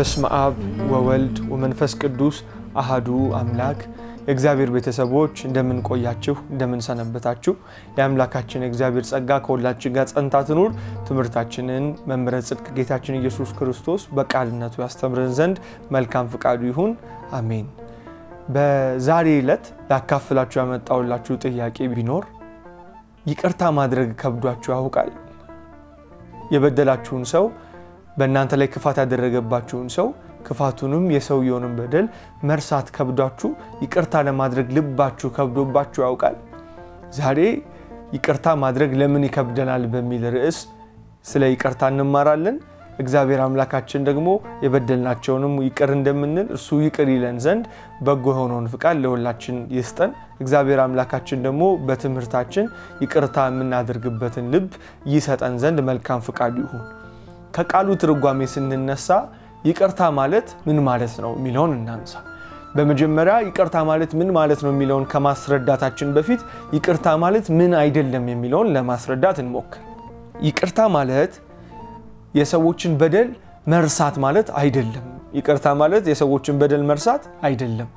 በስመ አብ ወወልድ ወመንፈስ ቅዱስ አህዱ አምላክ። የእግዚአብሔር ቤተሰቦች እንደምንቆያችሁ እንደምንሰነበታችሁ፣ የአምላካችን የእግዚአብሔር ጸጋ ከሁላችን ጋር ጸንታ ትኑር። ትምህርታችንን መምህረ ጽድቅ ጌታችን ኢየሱስ ክርስቶስ በቃልነቱ ያስተምረን ዘንድ መልካም ፍቃዱ ይሁን፣ አሜን። በዛሬ ዕለት ላካፍላችሁ ያመጣውላችሁ ጥያቄ ቢኖር ይቅርታ ማድረግ ከብዷችሁ ያውቃል? የበደላችሁን ሰው በእናንተ ላይ ክፋት ያደረገባችሁን ሰው ክፋቱንም የሰውየውንም በደል መርሳት ከብዷችሁ ይቅርታ ለማድረግ ልባችሁ ከብዶባችሁ ያውቃል? ዛሬ ይቅርታ ማድረግ ለምን ይከብደናል በሚል ርዕስ ስለ ይቅርታ እንማራለን። እግዚአብሔር አምላካችን ደግሞ የበደልናቸውንም ይቅር እንደምንል እርሱ ይቅር ይለን ዘንድ በጎ የሆነውን ፍቃድ ለሁላችን ይስጠን። እግዚአብሔር አምላካችን ደግሞ በትምህርታችን ይቅርታ የምናደርግበትን ልብ ይሰጠን ዘንድ መልካም ፍቃድ ይሁን። ከቃሉ ትርጓሜ ስንነሳ ይቅርታ ማለት ምን ማለት ነው የሚለውን እናንሳ። በመጀመሪያ ይቅርታ ማለት ምን ማለት ነው የሚለውን ከማስረዳታችን በፊት ይቅርታ ማለት ምን አይደለም የሚለውን ለማስረዳት እንሞክር። ይቅርታ ማለት የሰዎችን በደል መርሳት ማለት አይደለም። ይቅርታ ማለት የሰዎችን በደል መርሳት አይደለም።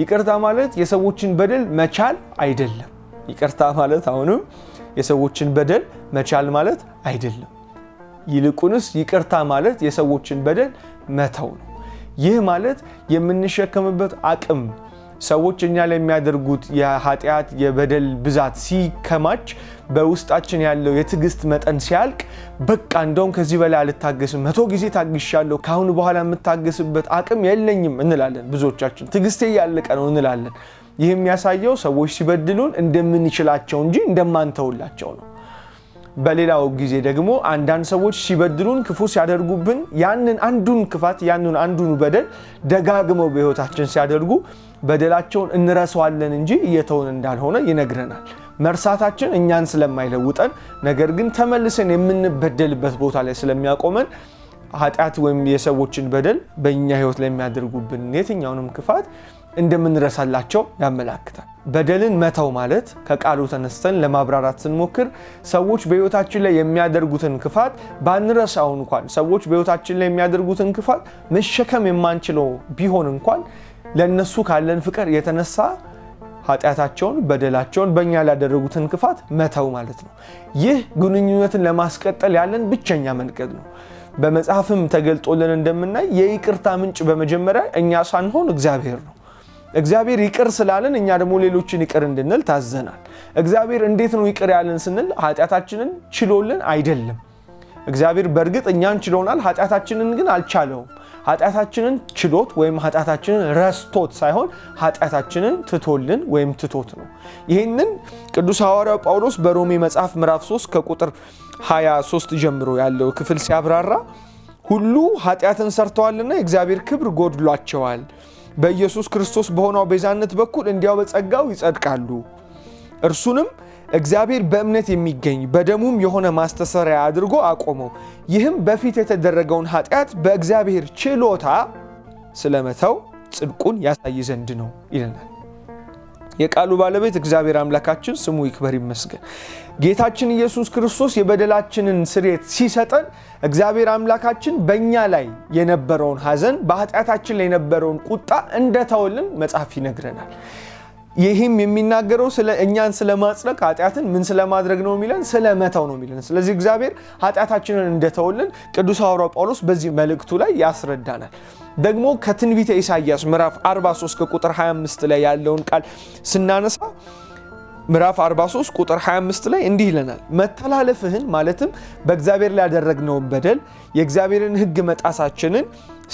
ይቅርታ ማለት የሰዎችን በደል መቻል አይደለም። ይቅርታ ማለት አሁንም የሰዎችን በደል መቻል ማለት አይደለም። ይልቁንስ ይቅርታ ማለት የሰዎችን በደል መተው ነው። ይህ ማለት የምንሸከምበት አቅም ሰዎች እኛ ላይ የሚያደርጉት የኃጢአት የበደል ብዛት ሲከማች በውስጣችን ያለው የትዕግስት መጠን ሲያልቅ፣ በቃ እንደውም ከዚህ በላይ አልታገስም፣ መቶ ጊዜ ታግሻለሁ፣ ከአሁን በኋላ የምታገስበት አቅም የለኝም እንላለን። ብዙዎቻችን ትዕግስቴ እያለቀ ነው እንላለን። ይህ የሚያሳየው ሰዎች ሲበድሉን እንደምንችላቸው እንጂ እንደማንተውላቸው ነው። በሌላው ጊዜ ደግሞ አንዳንድ ሰዎች ሲበድሉን፣ ክፉ ሲያደርጉብን ያንን አንዱን ክፋት ያንን አንዱን በደል ደጋግመው በሕይወታችን ሲያደርጉ በደላቸውን እንረሳዋለን እንጂ እየተውን እንዳልሆነ ይነግረናል። መርሳታችን እኛን ስለማይለውጠን ነገር ግን ተመልሰን የምንበደልበት ቦታ ላይ ስለሚያቆመን ኃጢአት ወይም የሰዎችን በደል በእኛ ሕይወት ላይ የሚያደርጉብን የትኛውንም ክፋት እንደምንረሳላቸው ያመላክታል። በደልን መተው ማለት ከቃሉ ተነስተን ለማብራራት ስንሞክር ሰዎች በሕይወታችን ላይ የሚያደርጉትን ክፋት ባንረሳው እንኳን ሰዎች በሕይወታችን ላይ የሚያደርጉትን ክፋት መሸከም የማንችለው ቢሆን እንኳን ለእነሱ ካለን ፍቅር የተነሳ ኃጢአታቸውን፣ በደላቸውን፣ በእኛ ላደረጉትን ክፋት መተው ማለት ነው። ይህ ግንኙነትን ለማስቀጠል ያለን ብቸኛ መንገድ ነው። በመጽሐፍም ተገልጦልን እንደምናይ የይቅርታ ምንጭ በመጀመሪያ እኛ ሳንሆን እግዚአብሔር ነው። እግዚአብሔር ይቅር ስላለን እኛ ደግሞ ሌሎችን ይቅር እንድንል ታዘናል። እግዚአብሔር እንዴት ነው ይቅር ያለን ስንል ኃጢአታችንን ችሎልን አይደለም። እግዚአብሔር በእርግጥ እኛን ችሎናል፣ ኃጢአታችንን ግን አልቻለውም። ኃጢአታችንን ችሎት ወይም ኃጢአታችንን ረስቶት ሳይሆን ኃጢአታችንን ትቶልን ወይም ትቶት ነው። ይህንን ቅዱስ ሐዋርያው ጳውሎስ በሮሜ መጽሐፍ ምዕራፍ 3 ከቁጥር 23 ጀምሮ ያለው ክፍል ሲያብራራ ሁሉ ኃጢአትን ሰርተዋልና የእግዚአብሔር ክብር ጎድሏቸዋል በኢየሱስ ክርስቶስ በሆነው ቤዛነት በኩል እንዲያው በጸጋው ይጸድቃሉ። እርሱንም እግዚአብሔር በእምነት የሚገኝ በደሙም የሆነ ማስተሰሪያ አድርጎ አቆመው። ይህም በፊት የተደረገውን ኃጢአት በእግዚአብሔር ችሎታ ስለመተው ጽድቁን ያሳይ ዘንድ ነው ይለናል። የቃሉ ባለቤት እግዚአብሔር አምላካችን ስሙ ይክበር ይመስገን። ጌታችን ኢየሱስ ክርስቶስ የበደላችንን ስርየት ሲሰጠን እግዚአብሔር አምላካችን በእኛ ላይ የነበረውን ሐዘን በኃጢአታችን ላይ የነበረውን ቁጣ እንደተወልን መጽሐፍ ይነግረናል። ይህም የሚናገረው ስለ እኛን ስለ ኃጢአትን ምን ስለማድረግ ነው የሚለን ስለ መተው ነው የሚለን። ስለዚህ እግዚአብሔር ኃጢአታችንን እንደተወልን ቅዱስ ሐዋርያው ጳውሎስ በዚህ መልእክቱ ላይ ያስረዳናል። ደግሞ ከትንቢተ ኢሳያስ ምዕራፍ 43 ከቁጥር 25 ላይ ያለውን ቃል ስናነሳ ምዕራፍ 43 ቁጥር 25 ላይ እንዲህ ይለናል፣ መተላለፍህን ማለትም በእግዚአብሔር ላይ ያደረግነውን በደል የእግዚአብሔርን ሕግ መጣሳችንን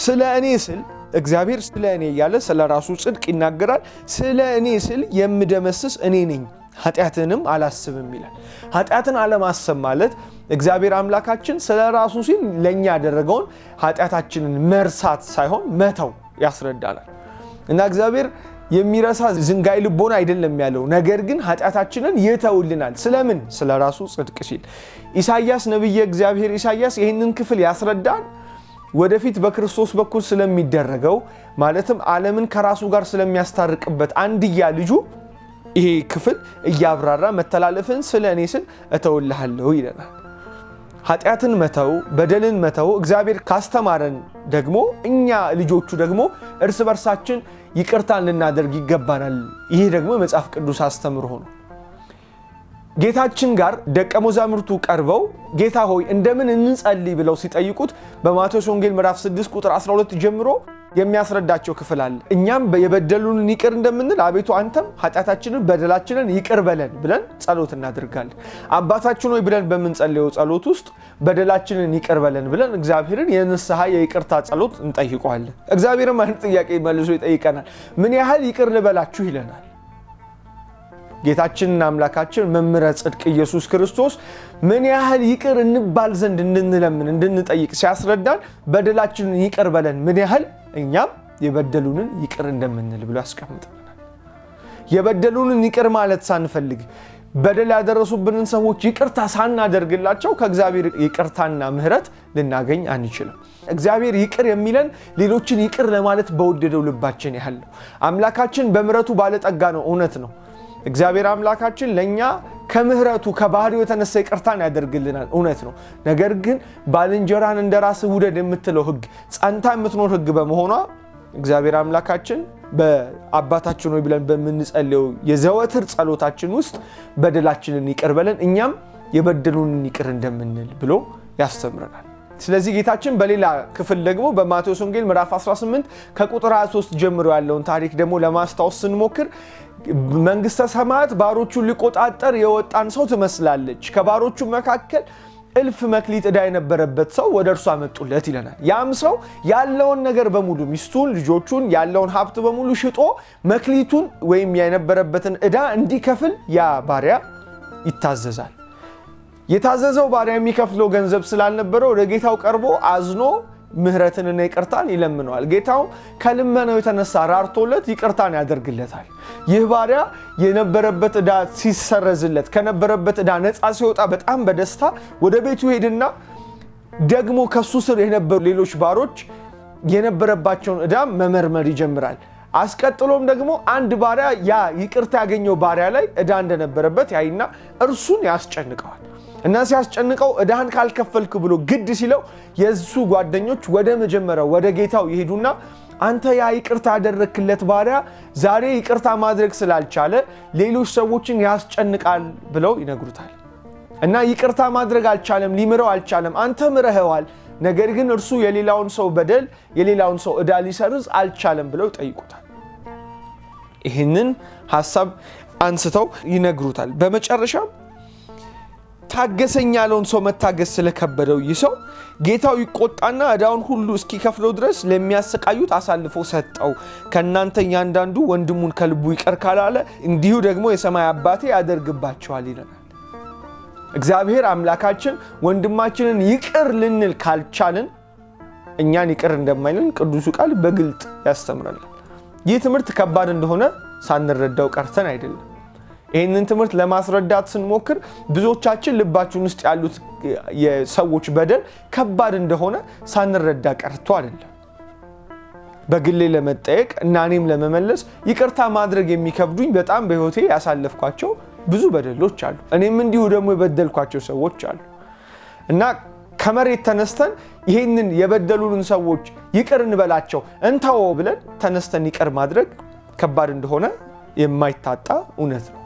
ስለ እኔ ስል እግዚአብሔር ስለ እኔ እያለ ስለ ራሱ ጽድቅ ይናገራል። ስለ እኔ ስል የምደመስስ እኔ ነኝ ኃጢአትንም አላስብም ይላል። ኃጢአትን አለማሰብ ማለት እግዚአብሔር አምላካችን ስለ ራሱ ሲል ለእኛ ያደረገውን ኃጢአታችንን መርሳት ሳይሆን መተው ያስረዳናል። እና እግዚአብሔር የሚረሳ ዝንጋይ ልቦና አይደለም ያለው፣ ነገር ግን ኃጢአታችንን ይተውልናል። ስለምን? ስለ ራሱ ጽድቅ ሲል። ኢሳያስ ነቢየ እግዚአብሔር ኢሳያስ ይህንን ክፍል ያስረዳን ወደፊት በክርስቶስ በኩል ስለሚደረገው ማለትም ዓለምን ከራሱ ጋር ስለሚያስታርቅበት አንድያ ልጁ ይሄ ክፍል እያብራራ መተላለፍን ስለ እኔ ስል እተውልሃለሁ ይለናል። ኃጢአትን መተው በደልን መተው እግዚአብሔር ካስተማረን ደግሞ እኛ ልጆቹ ደግሞ እርስ በርሳችን ይቅርታን ልናደርግ ይገባናል። ይሄ ደግሞ የመጽሐፍ ቅዱስ አስተምሮ ነው። ጌታችን ጋር ደቀ መዛሙርቱ ቀርበው ጌታ ሆይ እንደምን እንጸልይ ብለው ሲጠይቁት በማቴዎስ ወንጌል ምዕራፍ 6 ቁጥር 12 ጀምሮ የሚያስረዳቸው ክፍል አለ። እኛም የበደሉንን ይቅር እንደምንል አቤቱ አንተም ኃጢአታችንን በደላችንን ይቅር በለን ብለን ጸሎት እናደርጋለን። አባታችን ሆይ ብለን በምንጸልየው ጸሎት ውስጥ በደላችንን ይቅር በለን ብለን እግዚአብሔርን የንስሐ የይቅርታ ጸሎት እንጠይቀዋለን። እግዚአብሔርም አንድ ጥያቄ መልሶ ይጠይቀናል። ምን ያህል ይቅር ልበላችሁ ይለናል። ጌታችንና አምላካችን መምህረ ጽድቅ ኢየሱስ ክርስቶስ ምን ያህል ይቅር እንባል ዘንድ እንድንለምን እንድንጠይቅ ሲያስረዳን በደላችንን ይቅር በለን ምን ያህል እኛም የበደሉንን ይቅር እንደምንል ብሎ ያስቀምጥልናል። የበደሉንን ይቅር ማለት ሳንፈልግ በደል ያደረሱብንን ሰዎች ይቅርታ ሳናደርግላቸው ከእግዚአብሔር ይቅርታና ምሕረት ልናገኝ አንችልም። እግዚአብሔር ይቅር የሚለን ሌሎችን ይቅር ለማለት በወደደው ልባችን ያህል ነው። አምላካችን በምሕረቱ ባለጠጋ ነው፣ እውነት ነው። እግዚአብሔር አምላካችን ለእኛ ከምህረቱ ከባህሪው የተነሳ ይቅርታን ያደርግልናል። እውነት ነው። ነገር ግን ባልንጀራን እንደ ራስ ውደድ የምትለው ህግ ጸንታ የምትኖር ህግ በመሆኗ እግዚአብሔር አምላካችን በአባታችን ሆይ ብለን በምንጸልየው የዘወትር ጸሎታችን ውስጥ በደላችንን ይቅር በለን እኛም የበደሉንን ይቅር እንደምንል ብሎ ያስተምረናል። ስለዚህ ጌታችን በሌላ ክፍል ደግሞ በማቴዎስ ወንጌል ምዕራፍ 18 ከቁጥር 23 ጀምሮ ያለውን ታሪክ ደግሞ ለማስታወስ ስንሞክር መንግስተ ሰማያት ባሮቹን ሊቆጣጠር የወጣን ሰው ትመስላለች። ከባሮቹ መካከል እልፍ መክሊት ዕዳ የነበረበት ሰው ወደ እርሱ አመጡለት ይለናል። ያም ሰው ያለውን ነገር በሙሉ ሚስቱን፣ ልጆቹን፣ ያለውን ሀብት በሙሉ ሽጦ መክሊቱን ወይም የነበረበትን ዕዳ እንዲከፍል ያ ባሪያ ይታዘዛል። የታዘዘው ባሪያ የሚከፍለው ገንዘብ ስላልነበረ ወደ ጌታው ቀርቦ አዝኖ ምህረትንና ይቅርታን ይለምነዋል። ጌታው ከልመናው የተነሳ ራርቶለት ይቅርታን ያደርግለታል። ይህ ባሪያ የነበረበት ዕዳ ሲሰረዝለት፣ ከነበረበት ዕዳ ነፃ ሲወጣ በጣም በደስታ ወደ ቤቱ ሄድና ደግሞ ከሱ ስር የነበሩ ሌሎች ባሮች የነበረባቸውን ዕዳ መመርመር ይጀምራል። አስቀጥሎም ደግሞ አንድ ባሪያ ያ ይቅርታ ያገኘው ባሪያ ላይ ዕዳ እንደነበረበት ያይና እርሱን ያስጨንቀዋል። እና ሲያስጨንቀው እዳህን ካልከፈልክ ብሎ ግድ ሲለው የእሱ ጓደኞች ወደ መጀመሪያው ወደ ጌታው ይሄዱና አንተ ያ ይቅርታ ያደረክለት ባሪያ ዛሬ ይቅርታ ማድረግ ስላልቻለ ሌሎች ሰዎችን ያስጨንቃል ብለው ይነግሩታል። እና ይቅርታ ማድረግ አልቻለም፣ ሊምረው አልቻለም። አንተ ምረኸዋል፣ ነገር ግን እርሱ የሌላውን ሰው በደል የሌላውን ሰው እዳ ሊሰርዝ አልቻለም ብለው ይጠይቁታል። ይህንን ሀሳብ አንስተው ይነግሩታል። በመጨረሻም ታገሰኝ ያለውን ሰው መታገስ ስለከበደው ይህ ሰው ጌታው ይቆጣና እዳውን ሁሉ እስኪከፍለው ድረስ ለሚያሰቃዩት አሳልፎ ሰጠው። ከእናንተ እያንዳንዱ ወንድሙን ከልቡ ይቅር ካላለ እንዲሁ ደግሞ የሰማይ አባቴ ያደርግባቸዋል ይለናል። እግዚአብሔር አምላካችን ወንድማችንን ይቅር ልንል ካልቻልን እኛን ይቅር እንደማይልን ቅዱሱ ቃል በግልጥ ያስተምራል። ይህ ትምህርት ከባድ እንደሆነ ሳንረዳው ቀርተን አይደለም። ይህንን ትምህርት ለማስረዳት ስንሞክር ብዙዎቻችን ልባችን ውስጥ ያሉት የሰዎች በደል ከባድ እንደሆነ ሳንረዳ ቀርቶ አይደለም። በግሌ ለመጠየቅ እና እኔም ለመመለስ ይቅርታ ማድረግ የሚከብዱኝ በጣም በህይወቴ ያሳለፍኳቸው ብዙ በደሎች አሉ። እኔም እንዲሁ ደግሞ የበደልኳቸው ሰዎች አሉ እና ከመሬት ተነስተን ይህንን የበደሉንን ሰዎች ይቅር እንበላቸው እንተወ ብለን ተነስተን ይቅር ማድረግ ከባድ እንደሆነ የማይታጣ እውነት ነው።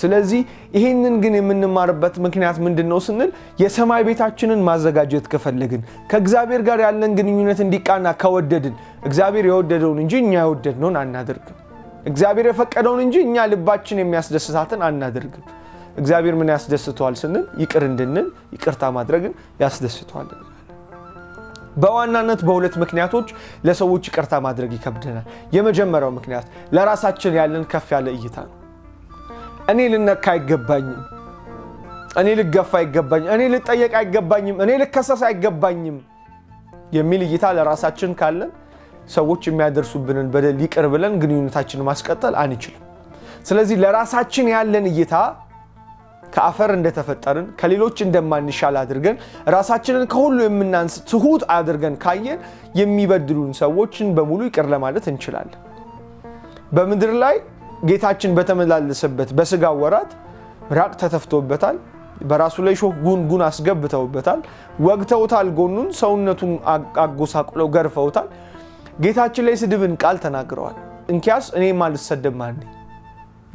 ስለዚህ ይህንን ግን የምንማርበት ምክንያት ምንድን ነው ስንል የሰማይ ቤታችንን ማዘጋጀት ከፈለግን ከእግዚአብሔር ጋር ያለን ግንኙነት እንዲቃና ከወደድን እግዚአብሔር የወደደውን እንጂ እኛ የወደድነውን አናደርግም። እግዚአብሔር የፈቀደውን እንጂ እኛ ልባችን የሚያስደስታትን አናደርግም። እግዚአብሔር ምን ያስደስተዋል ስንል ይቅር እንድንል ይቅርታ ማድረግን ያስደስተዋል። በዋናነት በሁለት ምክንያቶች ለሰዎች ይቅርታ ማድረግ ይከብደናል። የመጀመሪያው ምክንያት ለራሳችን ያለን ከፍ ያለ እይታ ነው። እኔ ልነካ አይገባኝም፣ እኔ ልገፋ አይገባኝም፣ እኔ ልጠየቅ አይገባኝም፣ እኔ ልከሰስ አይገባኝም የሚል እይታ ለራሳችን ካለን ሰዎች የሚያደርሱብንን በደል ይቅር ብለን ግንኙነታችንን ማስቀጠል አንችልም። ስለዚህ ለራሳችን ያለን እይታ ከአፈር እንደተፈጠርን ከሌሎች እንደማንሻል አድርገን ራሳችንን ከሁሉ የምናንስ ትሁት አድርገን ካየን የሚበድሉን ሰዎችን በሙሉ ይቅር ለማለት እንችላለን። በምድር ላይ ጌታችን በተመላለሰበት በስጋ ወራት ምራቅ ተተፍቶበታል። በራሱ ላይ ሾህ ጉን ጉን አስገብተውበታል። ወግተውታል። ጎኑን ሰውነቱን አጎሳቁለው ገርፈውታል። ጌታችን ላይ ስድብን ቃል ተናግረዋል። እንኪያስ እኔ ማልሰደብ ማን ነኝ?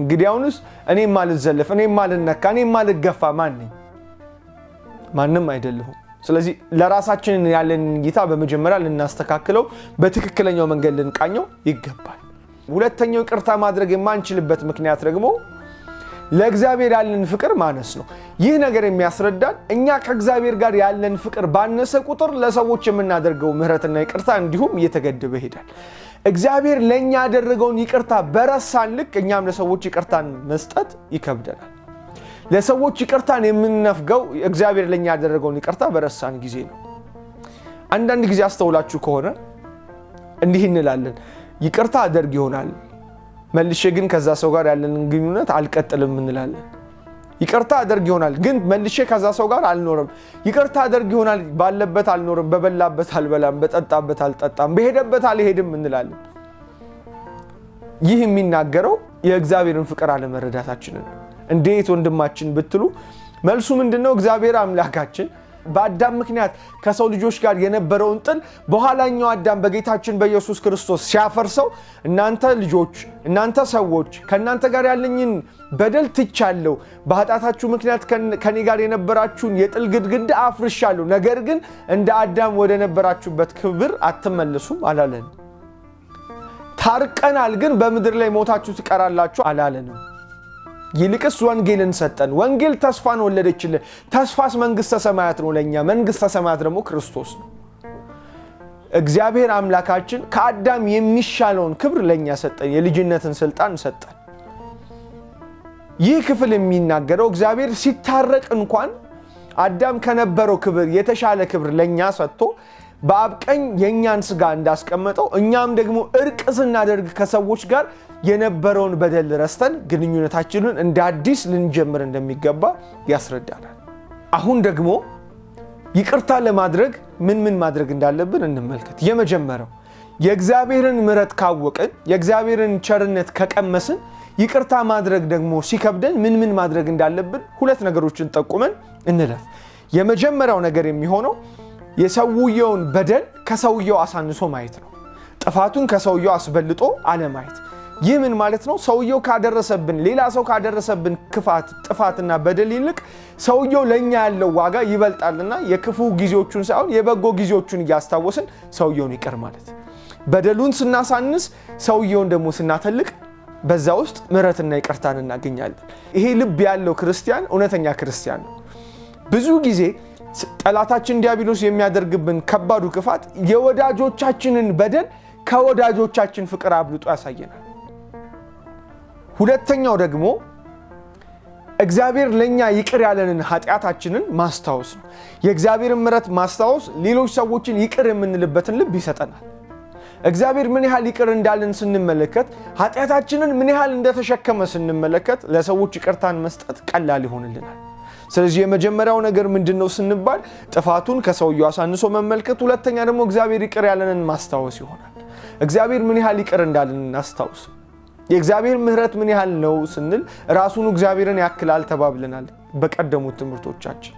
እንግዲያውንስ እኔ ማልዘለፍ፣ እኔ ማልነካ፣ እኔ ማልገፋ ማን ነኝ? ማንም አይደለሁም። ስለዚህ ለራሳችን ያለን እይታ በመጀመሪያ ልናስተካክለው፣ በትክክለኛው መንገድ ልንቃኘው ይገባል። ሁለተኛው ይቅርታ ማድረግ የማንችልበት ምክንያት ደግሞ ለእግዚአብሔር ያለን ፍቅር ማነስ ነው። ይህ ነገር የሚያስረዳን እኛ ከእግዚአብሔር ጋር ያለን ፍቅር ባነሰ ቁጥር ለሰዎች የምናደርገው ምሕረትና ይቅርታ እንዲሁም እየተገደበ ይሄዳል። እግዚአብሔር ለእኛ ያደረገውን ይቅርታ በረሳን ልክ እኛም ለሰዎች ይቅርታን መስጠት ይከብደናል። ለሰዎች ይቅርታን የምንነፍገው እግዚአብሔር ለእኛ ያደረገውን ይቅርታ በረሳን ጊዜ ነው። አንዳንድ ጊዜ አስተውላችሁ ከሆነ እንዲህ እንላለን ይቅርታ አደርግ ይሆናል መልሼ ግን ከዛ ሰው ጋር ያለንን ግንኙነት አልቀጥልም እንላለን። ይቅርታ አደርግ ይሆናል ግን መልሼ ከዛ ሰው ጋር አልኖርም። ይቅርታ አደርግ ይሆናል ባለበት አልኖርም፣ በበላበት አልበላም፣ በጠጣበት አልጠጣም፣ በሄደበት አልሄድም እንላለን። ይህ የሚናገረው የእግዚአብሔርን ፍቅር አለመረዳታችንን። እንዴት ወንድማችን ብትሉ መልሱ ምንድን ነው? እግዚአብሔር አምላካችን በአዳም ምክንያት ከሰው ልጆች ጋር የነበረውን ጥል በኋላኛው አዳም በጌታችን በኢየሱስ ክርስቶስ ሲያፈርሰው እናንተ ልጆች፣ እናንተ ሰዎች ከእናንተ ጋር ያለኝን በደል ትቻለሁ፣ በኃጢአታችሁ ምክንያት ከኔ ጋር የነበራችሁን የጥል ግድግዳ አፍርሻለሁ፣ ነገር ግን እንደ አዳም ወደ ነበራችሁበት ክብር አትመለሱም አላለን። ታርቀናል፣ ግን በምድር ላይ ሞታችሁ ትቀራላችሁ አላለንም። ይልቅስ ወንጌልን ሰጠን። ወንጌል ተስፋን ወለደችልን። ተስፋስ መንግስተ ሰማያት ነው። ለእኛ መንግስተ ሰማያት ደግሞ ክርስቶስ ነው። እግዚአብሔር አምላካችን ከአዳም የሚሻለውን ክብር ለእኛ ሰጠን። የልጅነትን ስልጣን ሰጠን። ይህ ክፍል የሚናገረው እግዚአብሔር ሲታረቅ እንኳን አዳም ከነበረው ክብር የተሻለ ክብር ለእኛ ሰጥቶ በአብ ቀኝ የእኛን ስጋ እንዳስቀመጠው እኛም ደግሞ እርቅ ስናደርግ ከሰዎች ጋር የነበረውን በደል ረስተን ግንኙነታችንን እንደ አዲስ ልንጀምር እንደሚገባ ያስረዳናል። አሁን ደግሞ ይቅርታ ለማድረግ ምን ምን ማድረግ እንዳለብን እንመልከት። የመጀመሪያው የእግዚአብሔርን ምሕረት ካወቅን፣ የእግዚአብሔርን ቸርነት ከቀመስን፣ ይቅርታ ማድረግ ደግሞ ሲከብደን ምን ምን ማድረግ እንዳለብን ሁለት ነገሮችን ጠቁመን እንለፍ። የመጀመሪያው ነገር የሚሆነው የሰውየውን በደል ከሰውየው አሳንሶ ማየት ነው። ጥፋቱን ከሰውየው አስበልጦ አለማየት። ይህ ምን ማለት ነው? ሰውየው ካደረሰብን ሌላ ሰው ካደረሰብን ክፋት፣ ጥፋትና በደል ይልቅ ሰውየው ለእኛ ያለው ዋጋ ይበልጣልና የክፉ ጊዜዎቹን ሳይሆን የበጎ ጊዜዎቹን እያስታወስን ሰውየውን ይቅር ማለት፣ በደሉን ስናሳንስ ሰውየውን ደግሞ ስናተልቅ በዛ ውስጥ ምሕረትና ይቅርታን እናገኛለን። ይሄ ልብ ያለው ክርስቲያን እውነተኛ ክርስቲያን ነው። ብዙ ጊዜ ጠላታችን ዲያብሎስ የሚያደርግብን ከባዱ ክፋት የወዳጆቻችንን በደል ከወዳጆቻችን ፍቅር አብልጦ ያሳየናል። ሁለተኛው ደግሞ እግዚአብሔር ለእኛ ይቅር ያለንን ኃጢአታችንን ማስታወስ ነው። የእግዚአብሔርን ምሕረት ማስታወስ ሌሎች ሰዎችን ይቅር የምንልበትን ልብ ይሰጠናል። እግዚአብሔር ምን ያህል ይቅር እንዳለን ስንመለከት፣ ኃጢአታችንን ምን ያህል እንደተሸከመ ስንመለከት፣ ለሰዎች ይቅርታን መስጠት ቀላል ይሆንልናል። ስለዚህ የመጀመሪያው ነገር ምንድን ነው ስንባል ጥፋቱን ከሰውየው አሳንሶ መመልከት፣ ሁለተኛ ደግሞ እግዚአብሔር ይቅር ያለንን ማስታወስ ይሆናል። እግዚአብሔር ምን ያህል ይቅር እንዳለን እናስታውስ። የእግዚአብሔር ምሕረት ምን ያህል ነው ስንል ራሱን እግዚአብሔርን ያክላል ተባብለናል በቀደሙት ትምህርቶቻችን።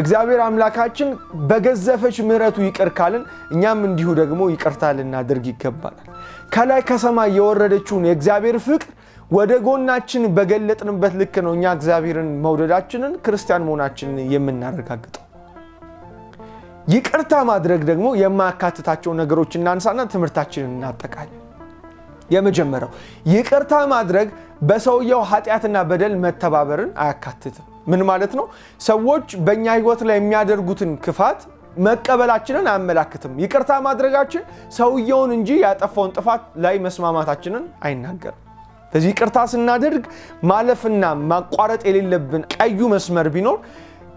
እግዚአብሔር አምላካችን በገዘፈች ምሕረቱ ይቅር ካልን እኛም እንዲሁ ደግሞ ይቅርታ ልናደርግ ይገባናል። ከላይ ከሰማይ የወረደችውን የእግዚአብሔር ፍቅር ወደ ጎናችን በገለጥንበት ልክ ነው እኛ እግዚአብሔርን መውደዳችንን ክርስቲያን መሆናችንን የምናረጋግጠው። ይቅርታ ማድረግ ደግሞ የማያካትታቸው ነገሮች እናንሳና ትምህርታችንን እናጠቃለን። የመጀመሪያው ይቅርታ ማድረግ በሰውየው ኃጢአትና በደል መተባበርን አያካትትም። ምን ማለት ነው? ሰዎች በእኛ ህይወት ላይ የሚያደርጉትን ክፋት መቀበላችንን አያመላክትም። ይቅርታ ማድረጋችን ሰውየውን እንጂ ያጠፋውን ጥፋት ላይ መስማማታችንን አይናገርም። ስለዚህ ይቅርታ ስናደርግ ማለፍና ማቋረጥ የሌለብን ቀዩ መስመር ቢኖር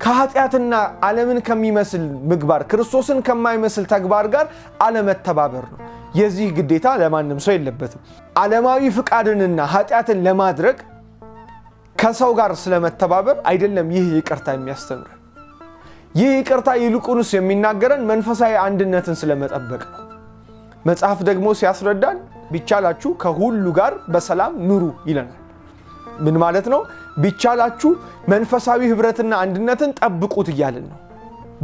ከኃጢአትና ዓለምን ከሚመስል ምግባር ክርስቶስን ከማይመስል ተግባር ጋር አለመተባበር ነው። የዚህ ግዴታ ለማንም ሰው የለበትም። ዓለማዊ ፍቃድንና ኃጢአትን ለማድረግ ከሰው ጋር ስለመተባበር አይደለም ይህ ይቅርታ የሚያስተምረን። ይህ ይቅርታ ይልቁንስ የሚናገረን መንፈሳዊ አንድነትን ስለመጠበቅ ነው። መጽሐፍ ደግሞ ሲያስረዳን ቢቻላችሁ ከሁሉ ጋር በሰላም ኑሩ ይለናል። ምን ማለት ነው? ቢቻላችሁ መንፈሳዊ ህብረትና አንድነትን ጠብቁት እያልን ነው።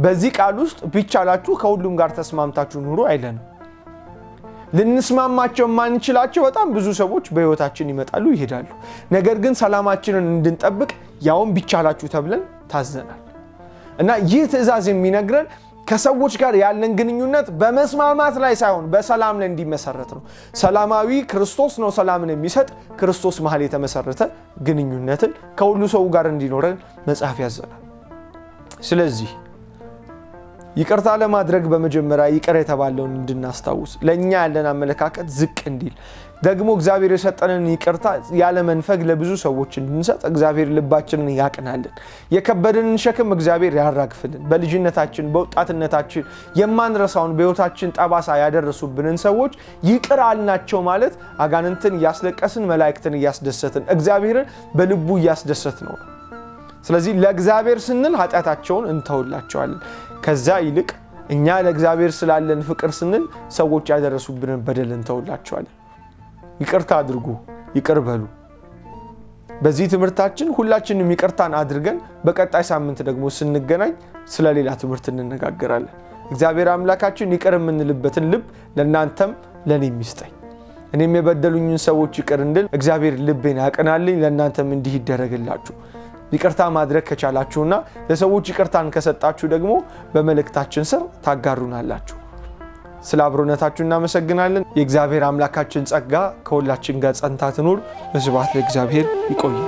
በዚህ ቃል ውስጥ ቢቻላችሁ ከሁሉም ጋር ተስማምታችሁ ኑሩ አይለንም። ልንስማማቸው የማንችላቸው በጣም ብዙ ሰዎች በህይወታችን ይመጣሉ ይሄዳሉ። ነገር ግን ሰላማችንን እንድንጠብቅ ያውም ቢቻላችሁ ተብለን ታዘናል። እና ይህ ትዕዛዝ የሚነግረን ከሰዎች ጋር ያለን ግንኙነት በመስማማት ላይ ሳይሆን በሰላም ላይ እንዲመሰረት ነው። ሰላማዊ ክርስቶስ ነው ሰላምን የሚሰጥ ክርስቶስ መሀል የተመሰረተ ግንኙነትን ከሁሉ ሰው ጋር እንዲኖረን መጽሐፍ ያዘናል። ስለዚህ ይቅርታ ለማድረግ በመጀመሪያ ይቅር የተባለውን እንድናስታውስ ለእኛ ያለን አመለካከት ዝቅ እንዲል ደግሞ እግዚአብሔር የሰጠንን ይቅርታ ያለ መንፈግ ለብዙ ሰዎች እንድንሰጥ እግዚአብሔር ልባችንን ያቅናልን። የከበደንን ሸክም እግዚአብሔር ያራግፍልን። በልጅነታችን በወጣትነታችን የማንረሳውን በሕይወታችን ጠባሳ ያደረሱብንን ሰዎች ይቅር አልናቸው ማለት አጋንንትን እያስለቀስን መላእክትን እያስደሰትን እግዚአብሔርን በልቡ እያስደሰት ነው። ስለዚህ ለእግዚአብሔር ስንል ኃጢአታቸውን እንተውላቸዋለን። ከዚያ ይልቅ እኛ ለእግዚአብሔር ስላለን ፍቅር ስንል ሰዎች ያደረሱብንን በደል እንተውላቸዋለን። ይቅርታ አድርጉ፣ ይቅር በሉ። በዚህ ትምህርታችን ሁላችንም ይቅርታን አድርገን በቀጣይ ሳምንት ደግሞ ስንገናኝ ስለ ሌላ ትምህርት እንነጋገራለን። እግዚአብሔር አምላካችን ይቅር የምንልበትን ልብ ለእናንተም ለእኔ የሚስጠኝ እኔም የበደሉኝን ሰዎች ይቅር እንድል እግዚአብሔር ልቤን ያቅናልኝ። ለእናንተም እንዲህ ይደረግላችሁ። ይቅርታ ማድረግ ከቻላችሁና ለሰዎች ይቅርታን ከሰጣችሁ ደግሞ በመልእክታችን ስር ታጋሩናላችሁ። ስለ አብሮነታችሁ እናመሰግናለን። የእግዚአብሔር አምላካችን ጸጋ ከሁላችን ጋር ጸንታ ትኑር። ስብሐት ለእግዚአብሔር። ይቆያል።